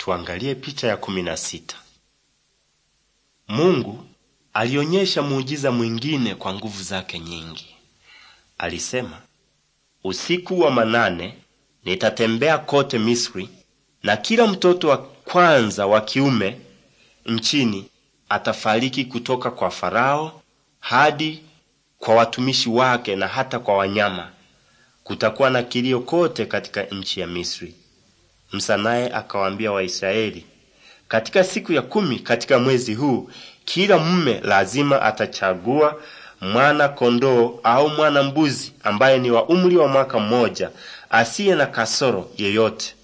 Tuangalie picha ya kumi na sita. Mungu alionyesha muujiza mwingine kwa nguvu zake nyingi. Alisema, usiku wa manane nitatembea kote Misri, na kila mtoto wa kwanza wa kiume nchini atafariki kutoka kwa Farao hadi kwa watumishi wake na hata kwa wanyama. Kutakuwa na kilio kote katika nchi ya Misri. Musa naye akawaambia Waisraeli, katika siku ya kumi katika mwezi huu kila mume lazima atachagua mwana kondoo au mwana mbuzi ambaye ni wa umri wa mwaka mmoja asiye na kasoro yeyote.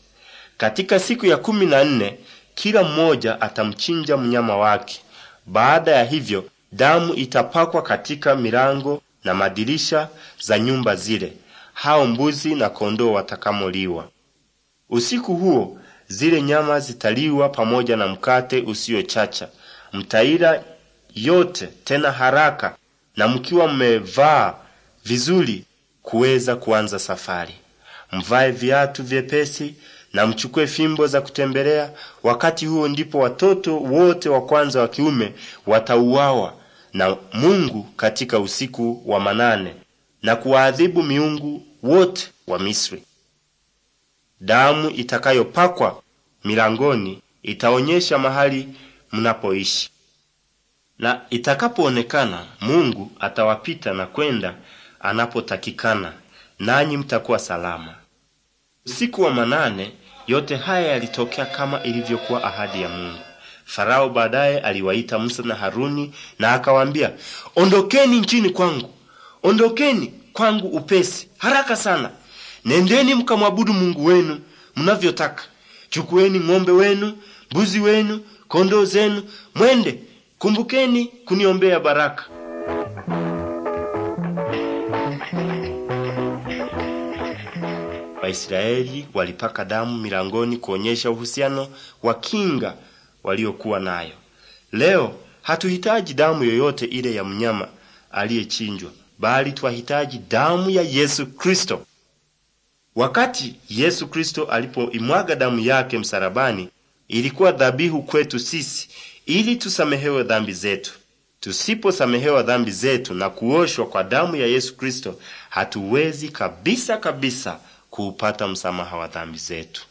Katika siku ya kumi na nne kila mmoja atamchinja mnyama wake. Baada ya hivyo, damu itapakwa katika milango na madirisha za nyumba zile hao mbuzi na kondoo watakamoliwa. Usiku huo zile nyama zitaliwa pamoja na mkate usiochacha. Mtaila yote tena haraka, na mkiwa mmevaa vizuri kuweza kuanza safari. Mvae viatu vyepesi na mchukue fimbo za kutembelea. Wakati huo ndipo watoto wote wa kwanza wa kiume watauawa na Mungu katika usiku wa manane, na kuwaadhibu miungu wote wa Misri. Damu itakayopakwa milangoni itaonyesha mahali mnapoishi, na itakapoonekana, Mungu atawapita na kwenda anapotakikana, nanyi mtakuwa salama. Usiku wa manane, yote haya yalitokea kama ilivyokuwa ahadi ya Mungu. Farao baadaye aliwaita Musa na Haruni na akawaambia, ondokeni nchini kwangu, ondokeni kwangu upesi, haraka sana, nendeni mkamwabudu Mungu wenu mnavyotaka. Chukueni ng'ombe wenu, mbuzi wenu, kondoo zenu, mwende. Kumbukeni kuniombea baraka. Waisraeli walipaka damu milangoni kuonyesha uhusiano wa kinga waliokuwa nayo. Leo hatuhitaji damu yoyote ile ya mnyama aliyechinjwa, bali twahitaji damu ya Yesu Kristo. Wakati Yesu Kristo alipoimwaga damu yake msalabani, ilikuwa dhabihu kwetu sisi ili tusamehewe dhambi zetu. Tusiposamehewa dhambi zetu na kuoshwa kwa damu ya Yesu Kristo, hatuwezi kabisa kabisa kuupata msamaha wa dhambi zetu.